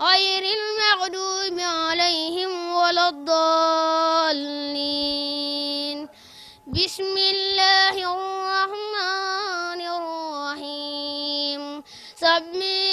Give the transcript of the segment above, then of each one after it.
غير المغضوب عليهم ولا الضالين بسم الله الرحمن الرحيم سبح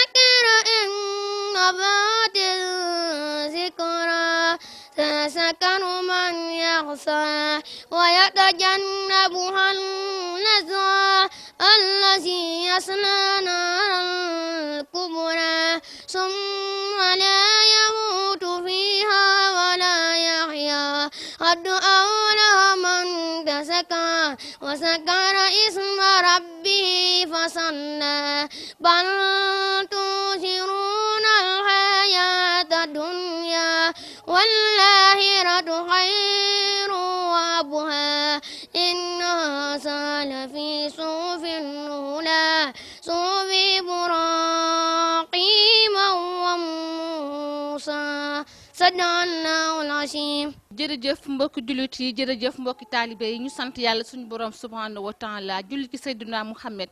ذكر إن بعد الذكرى سيسكر من يخشى ويتجنبها النزوى الذي يصلى نارا الكبرى ثم لا يموت فيها ولا يحيا قد الحمد سكا وسكر اسم ربه فصلى بل تؤثرون الحياة الدنيا والآخرة خير وأبها إنها سال في sadaqallaahu l jërëjëf mbokki jullit yi jërëjëf mbokki taalibe yi ñu sant yàlla suñu borom subhaanahu wa taala julli ci Seydina Muhammad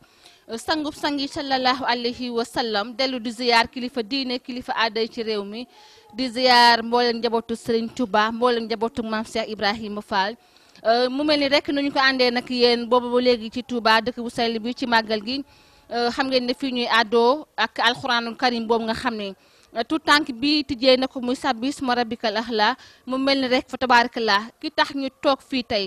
sangub sangi sallallahu alayhi wa dellu di ziyaar kilifa diine kilifa aaday ci réew mi di ziyaar mboolem njabootu Serigne Touba mboolem njabootu Maam Cheikh Ibrahima Fall euh, mu mel ni rek nuñu ko àndee nag yéen boobu ba léegi ci Touba dëkk bu sell bi ci màggal gi euh, xam ngeen ne fii ñuy àddoo ak alxuraanul karim boobu nga xam ne tout tànk bi tijjee na ko muy sabis ma rabikal axla mu mel ni rek fa la ki tax ñu toog fii tey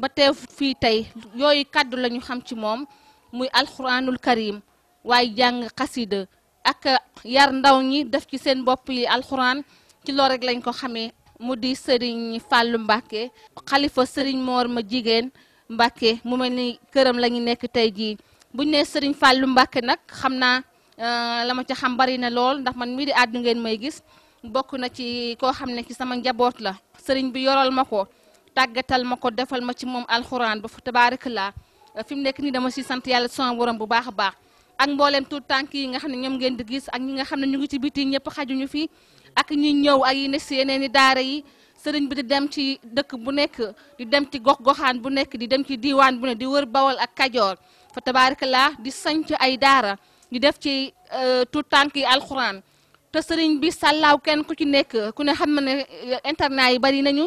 ba teew fii tey yooyu kàddu la ñu xam ci moom muy alxuraanul karim waaye jàng xasida ak yar ndaw ñi def ci seen bopp yi alxuraan ci loolu rek lañ ko xamee mu di Serigne fàllu Mbacke xalifa Serigne Mor ma jigéen Mbacke mu mel ni këram la ñu nekk tey jii buñ ne Serigne fàllu Mbacke nag xam naa Euh, la ma ca xam bari na lool ndax man mii di àddu ngeen may gis bokk na ci koo xam ne ci sama njaboot la sëriñ bi yoral ma ko tàggatal ma ko defal ma ci moom alxuraan ba fa tabaaraka laa euh, fi mu nekk nii dama si sant yàlla sama bu baax a baax ak mboolem tuut tànk yi nga xam ne ñoom ngeen di gis ak ñi nga xam ne ñu ngi ci biti ñëpp xajuñu fi ak ñi ñëw ak yi ne si yeneen i daara yi sëriñ bi di dem ci dëkk bu nekk di dem ci gox goxaan bu nekk di dem ci diwaan bu ne di wër bawol ak kajoor fa di sanc ay daara ñu def ci euh, tout tànk yi alxuraan te sëriñ bi sàllaaw kenn ku ci nekk ku ne xam na ne euh, internat yi bari nañu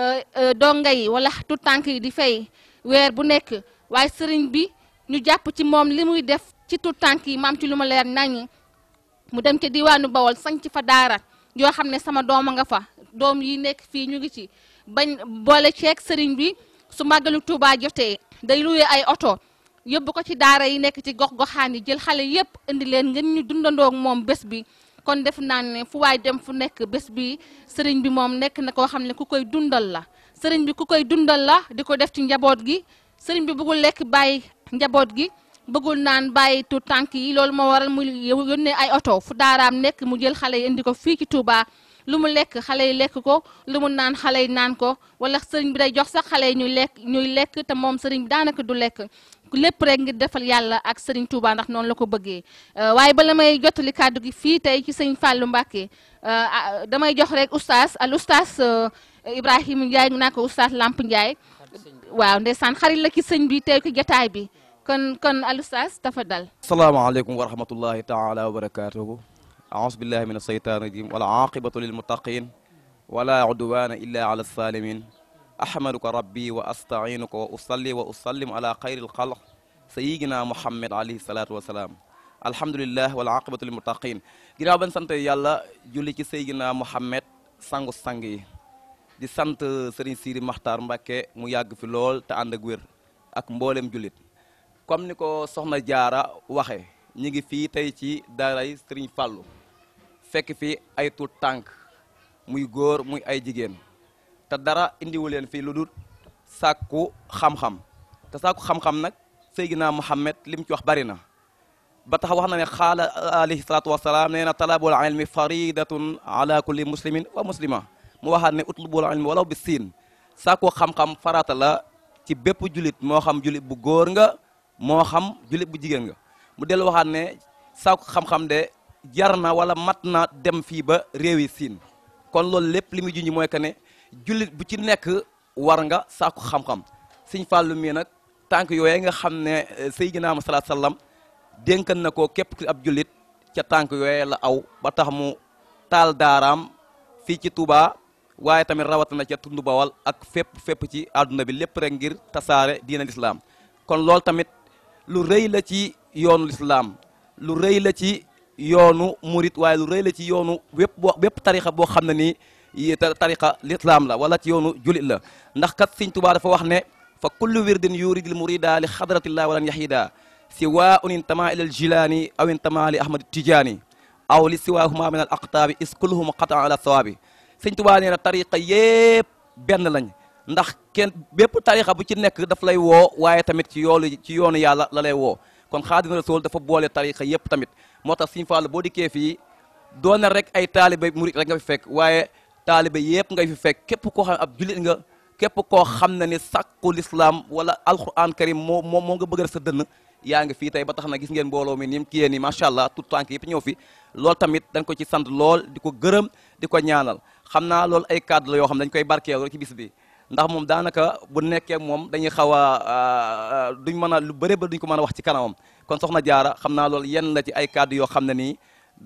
euh, donga yi wala tout tànk yi di fay weer bu nekk waaye sëriñ bi ñu jàpp ci moom li muy def ci tout tànk yi maam ci lu ma leer nañu mu dem ca diwaanu Bawol sanc fa daara yoo xam ne sama doom a nga fa doom yi nekk fii ñu ngi ci bañ boole ceeg sëriñ bi su màggalu Tuubaa jotee day luwee ay oto yóbbu ko ci daara yi nekk ci gox goxaan yi jël xale yëpp indi leen ngeen ñu dundandoo moom bés bi kon def naan ne fu waay dem fu nekk bés bi sëriñ bi moom nekk na koo xam ne ku koy dundal la sëriñ bi ku koy dundal la di ko def ci njaboot gi sëriñ bi buggul lekk bàyyi njaboot gi bëggul naan bàyyi tu tànk yi loolu moo waral mu yónnee ay oto fu daaraam nekk mu jël xale yi indi ko fii ci Touba lu mu lekk xale yi lekk ko lu mu naan xale yi naan ko wala sëriñ bi day jox sax xale yi ñuy ñuy lekk te moom sëriñ bi daanaka du lekk lépp rek ngir defal yàlla ak Serigne Touba ndax non la ko bëggee waaye bala may jottali kàddu gi fi tay ci serigne Fallou Mbacké damay jox rek oustaz al oustaz ibrahim Ndiaye mu ko oustaz Lamp Ndiaye waaw ndeysaan xarit la ki serigne bi tay ko jotaay bi kon kon al oustaz tafadal alaykum wa rahmatullahi taala wa barakatuh aouzu billahi min asheytan rajim wala aqibatu lilmutaqin wala udwana illa ala alsalimin أحمدك ربي وأستعينك وأصلي وأسلم على خير الخلق سيدنا محمد عليه الصلاة والسلام alhamdulilah wala aqibatu lil muttaqin ginnaaw ban sant yàlla julli ci Seydina Muhammad sangu sang yi di sant Serigne Siri Maxtaar Mbakke mu yàgg fi lool te ànd ak wér ak mboolem jullit comme ni ko soxna jaara waxe ñi ngi fii tey ci daaray Serigne Fàllu fekk fi ay tuut tànk muy góor muy ay jigéen te dara indiwu leen fii hamham. dul sàkku xam-xam te sàkku xam-xam nag Seydina Muhammad li mu ci wax bari na ba tax wax na ne xaala alayhi salaatu wasalaam nee talabul ilmi faridatun ala kulli muslimin wa muslima mu waxaat ne utlubul ilmi walaw bi siin sàkku xam-xam farata la ci julit moo xam julit bu nga moo xam julit bu nga mu dellu ne sàkku xam-xam de jarna wala matna dem fii ba réewi siin kon loolu lépp ne jullit bu ci nekk war nga sàkku xam-xam sëñ Fallou mii nag tànk yooye nga xam ne eh, Seydina Muhammad sallallahu alayhi wasallam dénkan na ko képp ki ab jullit ca tànk yooye la aw ba tax mu taal daaraam fii ci Touba waaye tamit rawatina ca tund bawal ak fépp fépp ci àdduna bi lépp rek ngir tasaare diina lislaam kon loolu tamit lu rëy la ci yoonu lislaam lu rëy la ci yoonu murit waaye lu rëy la ci yoonu wépp boo bépp tarixa boo xam ne nii tariqa l'islam la wala ci yoonu julit la ndax kat Sëñ Tuubaa dafa wax ne fa kullu wirdin yuridil murida li xadratillaa walan yahida siwaun intama ila al jilaani aw intama li ahmad tijaani aw li siwaahuma min al aqtaabi is kulluhum qataan ala sawaabi Sëñ Tuubaa nee na tariqa yépp benn lañ ndax kenn bépp tariqa bu ci nekk daf lay woo waaye tamit ci yoolu ci yoonu yàlla la lay woo kon Xaadimu Rasuul dafa boole tariqa yépp tamit moo tax Sëñ Fallu boo dikkee fii doon na rek ay taalibe murit rek nga fi fekk waaye taalibe yëpp ngay fi fekk képp ko xam ab julit nga képp ko xam na ni sakku l'islam wala alquran karim mo mo nga bëggal sa dënn ya nga fi tay ba tax na gis ngeen mbolo mi nim mu ni machallah tout tank yëpp ñëw fi loolu tamit dañ ko ci sant lool di ko diko di ko ñaanal xamna naa ay cadre yo xam dañ koy barkeelu ci bis bi ndax moom daanaka bu nekké mom dañuy xawa duñ mëna lu bëré ba duñ ko mëna wax ci kanamam kon soxna jaara xamna naa yenn la ci ay cadre yo xamna ni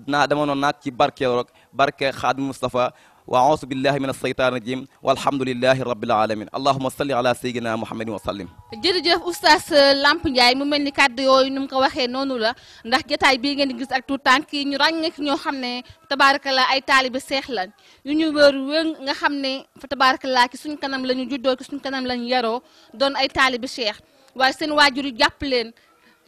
na dama non nak ci rek barke khadim Mustafa واعوذ بالله من الشيطان الرجيم والحمد لله رب العالمين اللهم صل على سيدنا محمد وسلم جيرجيف استاذ لامب نجاي مو ملني كاد يوي نم كو واخي نونو لا نده جتاي بي نين غيس اك تو تانكي ني رانك ньо خامني تبارك الله اي طالب شيخ لا ني ني وور وغا خامني فتبارك الله كي سون كانام لا ني جودو كي سون كانام لا ني يارو دون اي طالب شيخ واي سين واجورو جابلين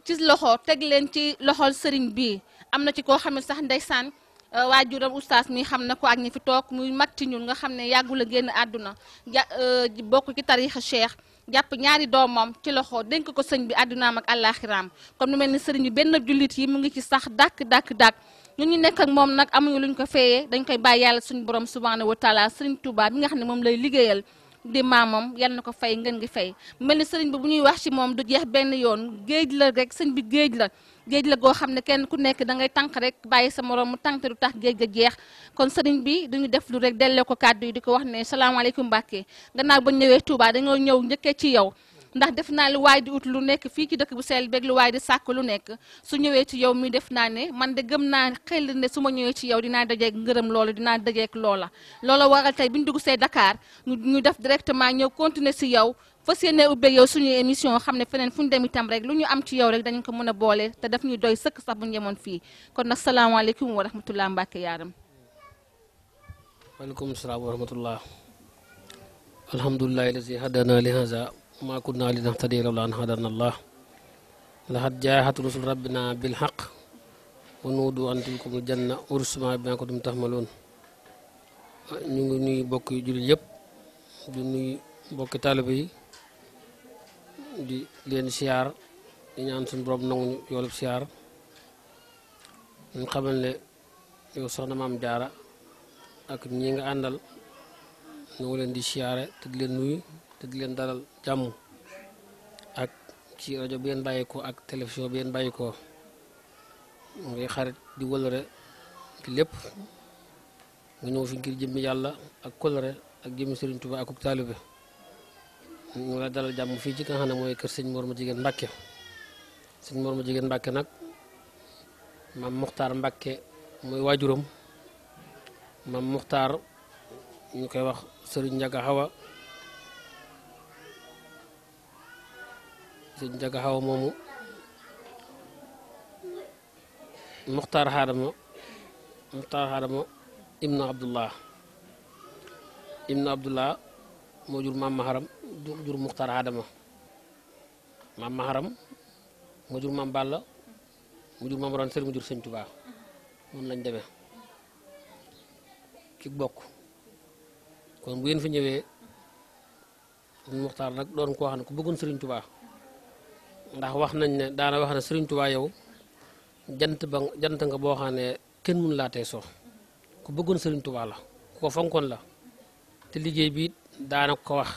تي لوخو تك لين تي لوخول سيرين بي امنا تي كو خامل صح ندسان Euh, waajuram oustaz mi xam na ko ak ñi fi toog muy mag ci ñun nga xam ne yàggul a génn àdduna ja euh, bokk ci a cheikh jàpp ñaari doomam ci loxo dénk ko sëñ bi àddunaam ak àllaaxiraam kon nu mel ni sëriñ bi benn jullit yi mu ngi ci sax dàkk dàkk dàkk ñu ñu nekk ak moom nag amuñu luñ ko feeyee dañ koy bàyyi yàlla suñu borom subhaanahu wa taala sëriñ Touba bi nga xam ne moom lay liggéeyal di maamam yàlla na ko fay ngeen ngi fay mel ni sëriñ bi bu ñuy wax ci moom du jeex benn yoon géej la rek sëñ bi géej la géej la goo xam ne kenn ku nekk da ngay tànk rek bàyyi sa moroom mu tànk te du tax géej ga jeex kon sëriñ bi duñu def lu rek delloo ko kàddu yi di ko wax ne salaamaaleykum Mbàkke gannaaw ba ñëwee tuubaa dañoo ñëw njëkkee ci yow ndax def naa li waay di ut lu nekk fii ci dëkk bu sell beeg lu waay di sàkk lu nekk su ñëwee ci yow mi def naa ne man de gëm naa xel ne su ma ñëwee ci yow dinaa dajeeg ngërëm loolu dinaa dajeeg loola loola waral tey bi ñu dugg see Dakar ñu def directement ñëw continuer si yow fas yéene ubbeeg yow suñu émission xam ne feneen fu ñu dem itam rek lu ñu am ci yow rek dañu ko mën a boole te daf ñuy doy sëkk sax bu ñu yemoon fii kon nag salaamaaleykum wa rahmatullah Mbacke yaaram waaleykum salaam wa rahmatullah alhamdulilah lazi hadana li haza ma kunna li nahtadi lawla an hadana Allah la had jaahatu rusul rabbina bil hak. wa nudu an tilkum al janna ursuma bi an kuntum tahmalun ñu ngi nuy bokk jul yepp di nuy bokk talib yi di len siar di ñaan sun borom nang ñu siar ñu xamal le yo soxna mam jaara ak ñi nga andal ñu ngi len di siaré te di len nuy te di leen dalal jàmm ak ci rajo bi ngeen bàyyeekoo ak télévision bi ngeen bàyyeekoo ngay xarit di wëlëre ci lépp nga ñëw fi ngir jëmmi yàlla ak kolëre ak jëmmi Serigne Touba ak taalibe bi ñu la dalal jàmm fii ci nga xam ne mooy kër sëñ Mor Madjiguène Mbacké sëñ Mor Madjiguène Mbacké nag maam Muxtaar Mbacké mooy waajuram maam mu ngi koy wax sëriñ Ndiaga Hawa sëñ Njaga Xawa moomu Muxtaar Xaadama Muxtaar Xaadama Ibnu Abdullah Ibnu Abdullah moo jur maam Maharam moo jur maam Balla mu jur maam Ron Sër mu jur sëñ Tubaa noonu lañ demee ki bokk kon bu ngeen fi ñëwee Muxtaar nag doon koo xam ne ku bëggoon Sëriñ Tubaa ndax wax nañ ne daana wax na Sëriñ Tuubaa yow jant ba nga boo xam ne kenn mënu laa tey so ku bëggoon Sëriñ Tuubaa la ku ko fonkoon la te liggéey bi daana ko wax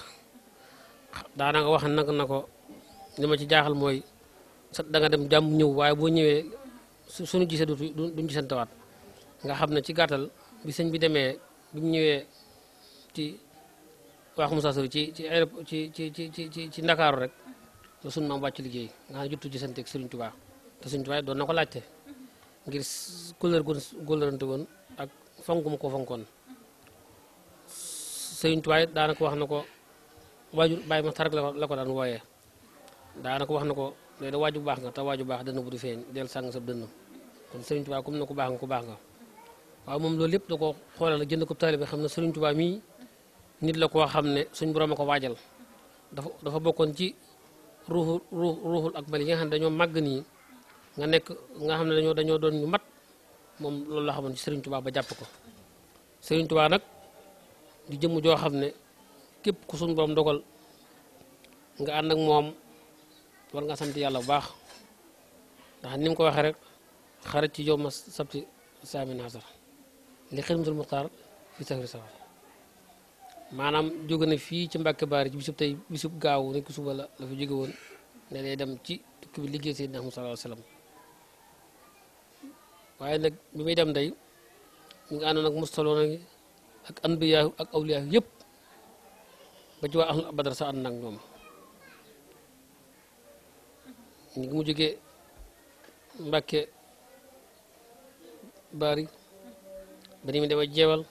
daana nga wax na na ko li ma ci jaaxal mooy sa da dem jàmm ñëw waaye boo ñëwee suñu gisee du duñ gisantewaat nga xam ne ci gàttal bi sëñ bi demee bi mu ñëwee ci wax Moussa Sow ci ci ci ci ci ci Ndakaaru rek te sunu maam wàccu liggéey nga xam ne jubtu gisanteeg Serigne Touba te Serigne Touba doon ko laajte ngir kóllër gu woon ak fonk mu ko fonkoon Serigne Touba daanaka wax na ko waajur bàyyi ma tarak la ko daan wooyee daanaka wax na ko léegi da waaju baax nga te waaju baax dënn bu du feeñ del sàng sa dënn kon Serigne Touba comme na ko baax nga ko baax nga waaw moom loolu yëpp da ko xoolal jënd ko taalibe xam ne Serigne Touba mii nit la koo xam ne suñ borom a ko waajal dafa bokkoon ci ruuxu ruux ak akbar yi nga xam ne dañoo màgg nii nga nekk nga xam ne dañoo dañoo doon ñu mat moom loolu la xamoon ci Serigne Touba ba jàpp ko Serigne Touba nag di jëmm joo xam ne képp ku suñ borom dogal nga ànd ak moom war nga sant yàlla bu baax ndax nim mu ko waxee rek xarit ci yow ma sabti saamin hasar li xidmatul muxtaar fii safri safar maanaam jóge na fi ci Mbàkke bar ci bisub tay bisub gaaw rek ko suba la la fi jóge won ne lay dem ci tukki bi liggéey Seydina Muhammad sallallahu alayhi wasallam waye nak bi muy dem day mi ngi àndoon ak mustaloona ak anbiya ak awliya yep ba ci wa ahlul abadar sa ànd ngom ñoom ñu mu jógee Mbàkke bari ba mi mu demee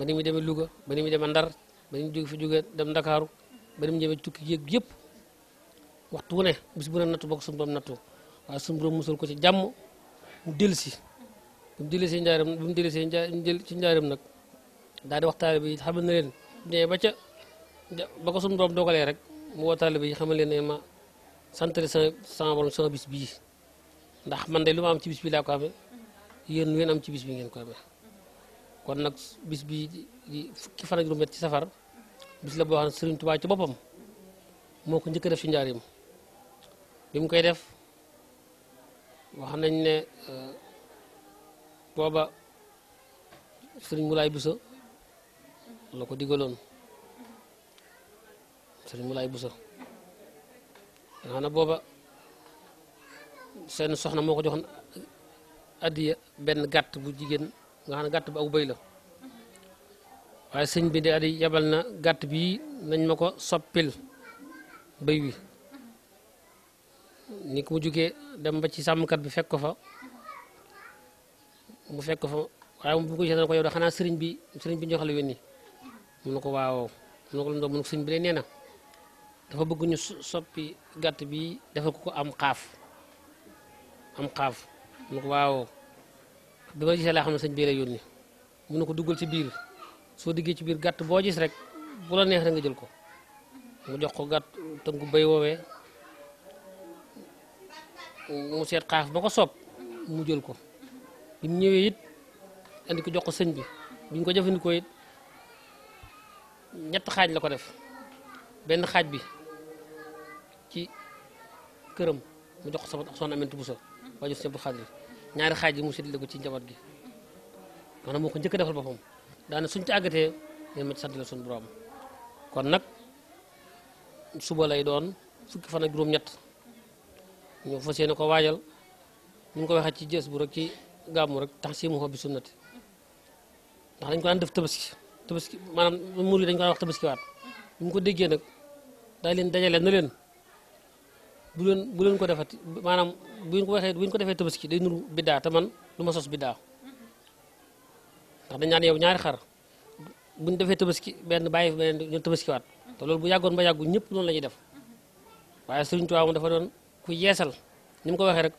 bani ni mu demee Louga bani ni mu demee Ndar bani ni mu jóge fi jóge dem dakaru bani ni mu demee tukki yéeg yëpp waxtu wu ne bis bu ne nattu bokk suñu borom nattu waaye suñu borom musul ko ci jàmm mu dellu si bu mu dellu see bu mu dellu see ci njaaram nak daal di wax taalibe yi xamal na len ne ba ca bako sun suñu borom rek mu woo taalibe yi xamal len ma sant sa sama borom sama bis bii ndax man de luma am ci bis bi la ko amee yeen ngeen am ci bis bi ngeen ko amee kon nag bis bi fukki fan ak juróom-ñett ci safar bis la boo xam ne Sëriñ Tuubaa ci boppam moo ko njëkk def ci njaarim bi mu koy def wax nañ ne euh, booba Sëriñ Mulaay Buso la ko digaloon Sëriñ Mulaay Buso nga xam ne booba seen soxna moo ko joxoon addiya benn gàtt bu jigéen nga xam ne gàtt bi aw bëy la waaye sëñ bi de ari yebal na gàtt bi nañ ma ko soppil bëy wi ni ko mu jugee dem ba ci sàmmkat bi fekk ko fa mu fekk fa waaye mu ko ko yow da xanaa sëriñ bi sëriñ bi jox la mu mun na ko waawoo mun ko mu mun ko bi day nee na dafa bëgg ñu soppi gàtt bi defal ko ko am xaaf am xaaf mu na ko waawoo bi ma gisee laa xam bi lay yoni mu ko duggal ci biir so diggee ci biir gatt bo gis rek bu la neex rek nga jël ko mu jox ko gàtt tënku bay wowe mu set xaf bako sop mu jël ko bi ñewé yit andi ko jox ko señ bi bi ñu ko jëfandikoo yit ñett xaj la ko def ben xaj bi ci kërëm mu jox ko sama son soxna bu so wajju sëñ bu Xaadir ñaari xaaj yi mu séddale ko ci njaboot gi maanaam moo ko njëkk defal boppam daana suñ ci àggatee dañ ma ci la suñu borom kon nag suba lay doon fukki fan ak juróom-ñett ñu fas yéene ko waajal ñu ko waxee ci jës bu rek ci gàmmu rek tax si mu xob ndax dañ ko daan def tabaski tabaski maanaam dañ ko daan wax tabaski waat ñu ko déggee nag daa leen dajale na leen bu leen ko defati maanaam buñ ko waxé buñ ko défé tabaski day nuru bidda ta man du sos bidda ndax dañ ñaan yow ñaari xar buñ défé tabaski benn baye fi ñu tabaski wat té lool bu yagoon ba yagu ñepp non la def waye serigne touba moom dafa don ku yéssal nim ko waxé rek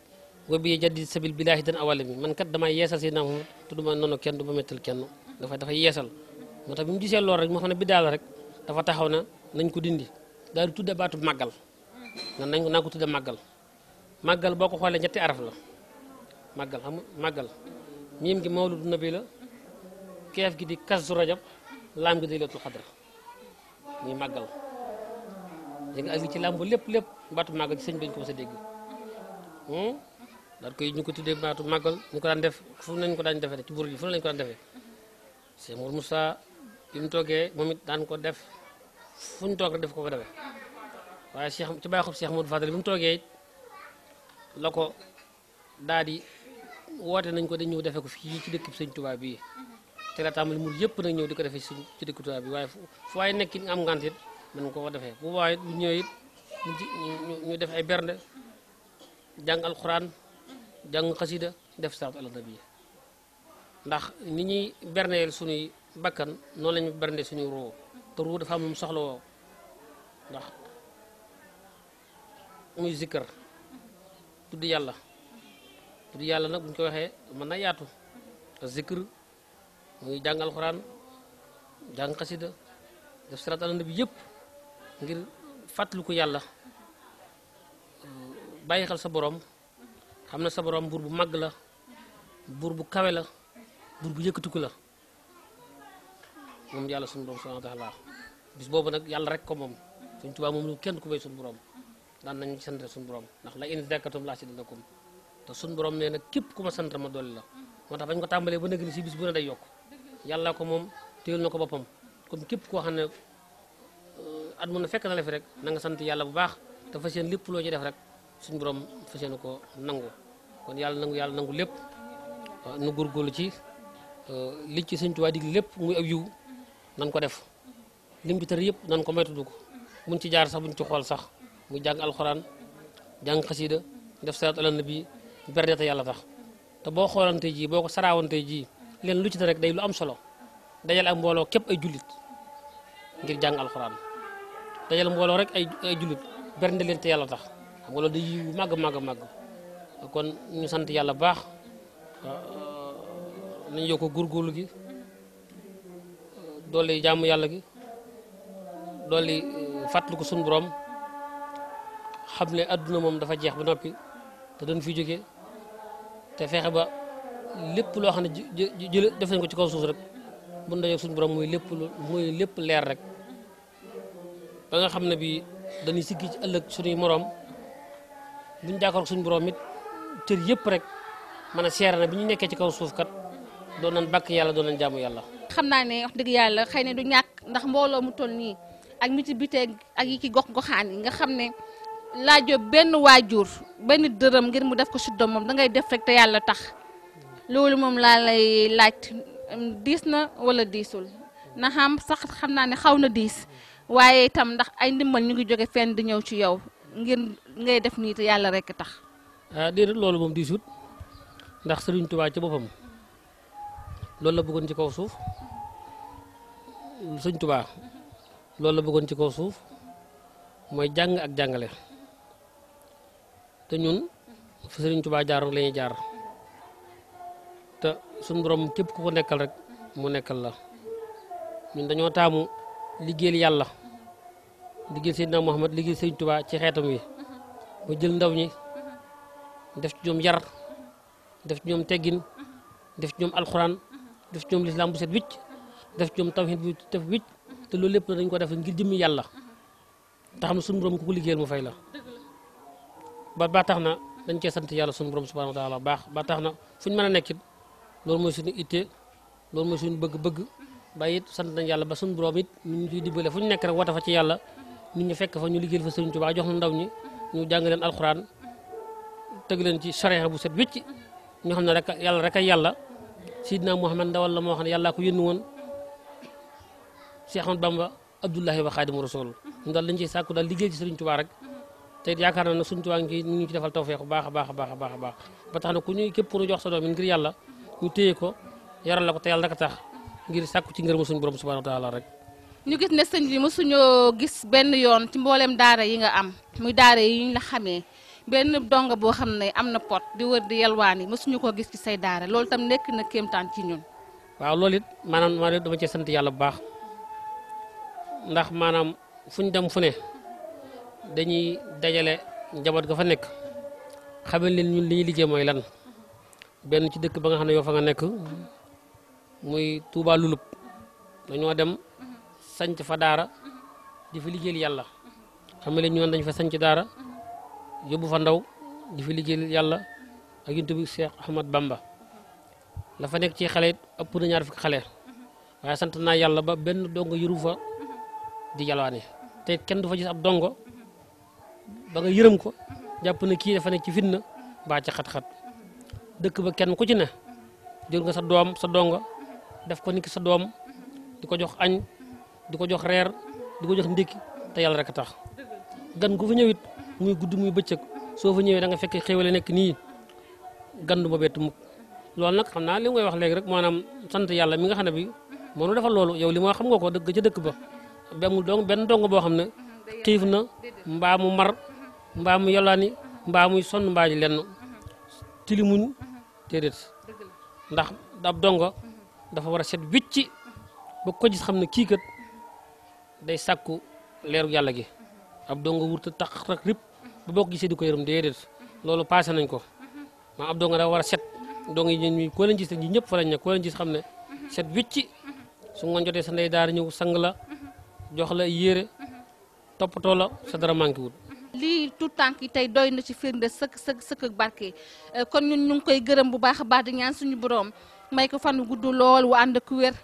wa bi jaddid sabil billahi dan awala man kat dama yéssal ci nam tu te du kenn du metal kenn dafa dafa yeesal moo tax bi mu gisee loolu rek mo xone bidda la rek dafa taxaw na nañ ko dindi daal tudde batu magal nan nañ naa ko tudde magal magal boko xolé ñetti araf la magal xam magal mim gi mawludun nabi la kef gi di kazu rajab laam gi di latul khadra muy magal li nga ak ci làmb lépp lepp baatu màggal ci sëñ bi ko sa a hmm da koy ñu ko tuddee baatu ñu ko daan def fu nañ ko daan def ci buur yi fu lañ ko daan def c'est Mour Moussa bi mu momit daan ko def fu ñu def ko ko defee waaye Cheikh ci xop Cheikh mourou Fadal bi mu toogee loko dadi wote nañ ko dañ ñëw defe ko fi ci dëkk Seigne Touba bi té la tamul mur yépp nañ ñëw diko defé ci dëkk Touba bi way fu way nekk am ngant it mën ko defé bu way bu ñëwee it ñu ñu def ay bernde jang alquran jang qasida def salaatu ala nabi ndax ni ñi berneel suñu bakkan no lañ bernde suñu ro te ro dafa am lu soxla ndax muy zikr tudd yalla tudd yalla nak buñ ko waxe man na yaatu zikr muy jang alquran jang qasida def salat ala nabi yep ngir ko yalla baye xal sa borom xamna sa borom bur bu mag la bur bu kawe la bur bu yëkkatiku la mom yalla sun borom subhanahu wa taala bis bobu nak yalla rek ko mom suñ tuba mom lu kenn ku bay sun borom dan nañu sante sun borom nak la in zakatum la sidakum to sun borom nee na képp kuma ma ma dolli la motax bañ ko tambale ba neug ni si bis bu ne day yok yalla ko mom téyel na bopam kum kep ko koo xam ne euh, at mun na fek na la fi rek na nga sante yalla bu baax te fasiyen lepp lo ci def rek sun borom fasiyen ko nangu kon yalla nangu yalla nangu lepp nu ci euh, li ci dig muy ab yu nan ko def lim ci ter yep nan ko moytu ko mun ci jaar sax buñ ci xol sax mu jang alquran jang qasida def salat ala nabi berde te yàlla tax te bo xolante ji boko sarawante ji len lu ci rek day lu am solo dajal am mbooloo kep ay julit ngir jàng alxuraan dajal mbooloo rek ay ay julit bernde len te yalla tax xam nga day mag mag mag kon ñu sant yàlla baax nañu yokk góorgóorlu gi doli jamu yalla gi fatlu ko sun borom xam ne àdduna moom dafa jeex ba noppi te doon fi jóge te fexe ba lépp loo xam ne jël def nañ ko ci kaw suuf rek bu ndaje suñu borom muy lépp muy lépp leer rek ba xam ne bi dañuy sikki ci ëllëg suñuy moroom buñ jàkkaarloog suñu borom cër yëpp rek man a seere na bi ñu nekkee ci kaw suuf kat doon nañ bakk yàlla doo nañ jaamu yàlla. xam naa ne wax dëgg yàlla xëy na du ñàkk ndax mbooloo mu toll nii ak mutualité ak yi ci gox goxaan yi nga xam ne. laajoo benn waajur benn dërëm ngir mu def ko si doomam dangay def rek te yàlla tax loolu moom laa lay laaj diis na wala diisul na xam sax xam naa ni xaw na diis waaye itam ndax ay ndimbal ñu ngi jóge fenn di ñëw ci yow ngir ngay def nii te yàlla rek tax. ah déedéet loolu moom diisut ndax Sëriñ Tuubaa ci boppam loolu la bëggoon ci kaw suuf Sëriñ Tuubaa loolu la bëggoon ci kaw suuf mooy jàng ak jàngale. te ñun fa Serigne tubaa jaaroon lañuy jaar te suñu borom képp ku ko nekkal rek mu nekkal la ñun dañoo taamu liggéeyal yàlla liggéeyal Seydina Muhammad liggéeyal Serigne Touba ci xeetam wi mu jël ndaw ñi def ci ñoom yar def ci ñoom teggin def ci ñoom alxuraan def ci ñoom lislaam bu set wicc def ci ñoom tawhid bu def wicc te loolu lépp na dañ ko def ngir jëmmi yàlla te xam ne suñu borom ku ko liggéeyal mu fay la ba ba tax na dañ cee sant yàlla suñu borom subhanahu wa taala baax ba tax na fu ñu mën a nekkit loolu mooy suñu ittee loolu mooy suñu bëgg-bëgg ba it sant nañ yàlla ba suñu buroom it ñu ñu fu ñu nekk rek wata fa ci yàlla nit ñu fekk fa ñu liggéeyal fa Sëriñ Tuubaa jox na ndaw ñi ñu leen alxuraan tëg leen ci sariya bu set wécc ñu xam ne rek yàlla rek ay yàlla Sidna Muhammad ndawal la moo xam ne yàllaa ko yónni woon Cheikh Ahmad Bamba Abdullahi wa Xaadimu Rasul ñu daal lañ ciy sàkku daal liggéey ci Sëriñ Tuubaa rek te it yaakaar na ne suñu waa ngi ñu ngi ci defal tawfeex bu baax a baax a baax a baax a baax ba tax na ku ñuy képp ku ñu jox sa doom ngir yàlla ñu téye ko yaral la ko te yàlla naka tax ngir sàkku ci ngir ngërëmu suñu borom subhanahu wa taala rek ñu gis ne sëñ bi mosuñoo gis benn yoon ci mbooleem daara yi nga am muy daara yi ñu la xamee benn dongo boo xam ne am na pot di wër di yalwaan yi suñu koo gis ci say daara loolu tam nekk na kéemtaan ci ñun waaw loolu it maanaam maa dama cee sant yàlla bu baax ndax maanaam fuñ dem fu ne dañuy dajale njaboot ga fa nekk xamal leen ñun li liggéey mooy lan benn ci dëkk ba nga xam ne yow fa nga nekk muy Touba Lulub dañoo dem sanc fa daara di fa liggéeyal yàlla xam nga leen dañ fa sanc daara yóbbu fa ndaw di fa yàlla ak yonent bi Cheikh Ahmad Bamba la fa nekk ci xale it ëpp na ñaar fukki xale waaye sant naa yàlla ba benn dongo yëru fa di jalwaane te kenn du fa ab dongo ba nga yeureum ko japp na ki dafa nek ci fitna ba ci khat khat dekk ba kenn ku ci ne jël nga sa dom sa donga def ko niki sa dom diko jox agn diko jox reer diko jox te yalla rek tax gan gu fa ñewit muy gudd muy bëccëg so fa ñewé da nga fekk xewale nek ni gan ba betum. bett mukk loolu nag li ngoy wax leg rek manam sant yalla mi nga xam bi monu defal lool yow li mo xam nga ko deug ci deug ba bemul dong ben dong bo xam ne xiif mar mbaa mu yolaani mbaa muy son mbaa ji lenn tilimuñ déedéet ndax dab dongo dafa war a set wicci ba ko gis xam ne kii kat day sàkku leeru yàlla gi ab dongo wurta tax rek rip ba boo gisee di ko yërëm déedéet loolu passé nañ ko ma ab dongo dafa war set dongo yi ñun ñuy koo leen gis ñi ñëpp fa lañ ne ko leen gis xam set wicci su ngoon jotee sa ndey daara ñëw sang la jox la yére toppatoo la sa dara manqué wut lii tu tànk yi tey doy na ci firnde sëkk sëkk sëkk barke euh, kon ñun ñu ngi koy gërëm bu baax a baax di ñaan suñu borom may ko fan gudd lool wu ànd ak wér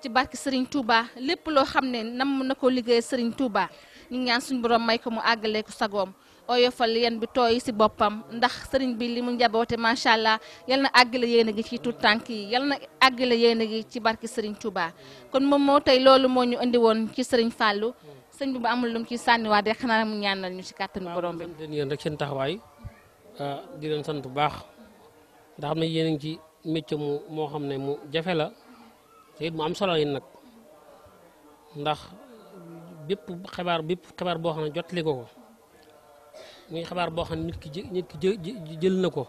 ci barke Serigne Touba lépp loo xam ne nam na ko liggéey Serigne Touba ñu ñaan suñu borom may ko mu àgg àggalee ko sagoom oyofal yéen bi tooy si boppam ndax sëriñ bi li mu njaboote macha allah yal na àggale yéene gi ci tout tànk yi yal na àggale yéene gi ci barki sëriñ Touba kon moom moo tey loolu moo ñu indi woon ci sëriñ Fallou sëñ bi ba amul lu ciy sànniwaat rek xanaa mu ñaanal ñu si kàttanu borom bi. waaw yéen rek seen taxawaay ah, di leen sant bu baax ndax xam ne yéen ngi ci métier mu moo xam ne mu jafe la te mu am solo yéen nag ndax bépp xibaar bépp xibaar boo xam ne jottali ko ko. muy xabaar boo xam ne nit ki jë na ko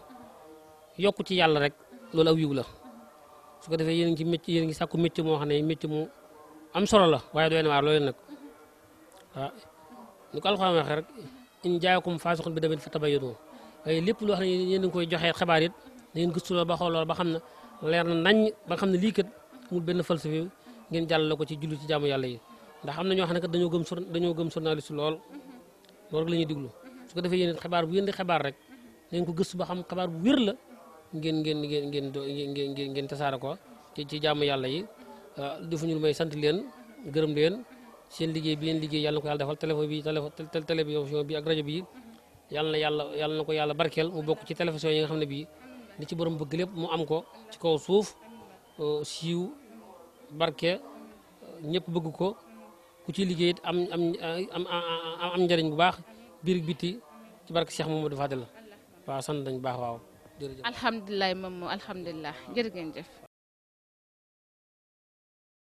yokk ci yàlla rek loolu aw yiw la su ko defee yéen ci mécc yéen ngi sàkku mécc moo xam ne mécc mu am solo la waaye doy na waar loolu nag waaw ni ko rek in jaakum bi damit fa tabayyanu waaye lépp loo xam ne a koy joxee xabaar it da ngeen gëstu loolu ba xam ne leer na ba xam ne lii kat amul benn falsafi ngeen jàllale ko ci julli ci jaamu yàlla yi ndax am na dañoo gëm sur dañoo gëm journaliste lool loolu la ñuy diglu su ko defee yéen xibaar bu yéen di xibaar rek nañ ko gëstu ba xam xibaar bu wér la ngeen ngeen tasaare ko ci ci yàlla yi ah, defuñu may sant leen gërëm leen seen liggéey bi yéen liggéey yàlla na ko yàlla defal téléphone bi téléphone télévision bi ak rajo bi yàlla na ko yàlla barkeel mu bokk ci télévision yi nga xam ne bii li ci borom bëgg lépp mu am ko ci kaw suuf ah, siiw barke ñëpp ko ku ci liggéey it am am am am njëriñ bu baax biir biti ci barke Cheikh Mamadou Fadel waaw sant nañu baax waaw. jërëjëf alhamdulilah moom alhamdulilah jërë ngeen jëf.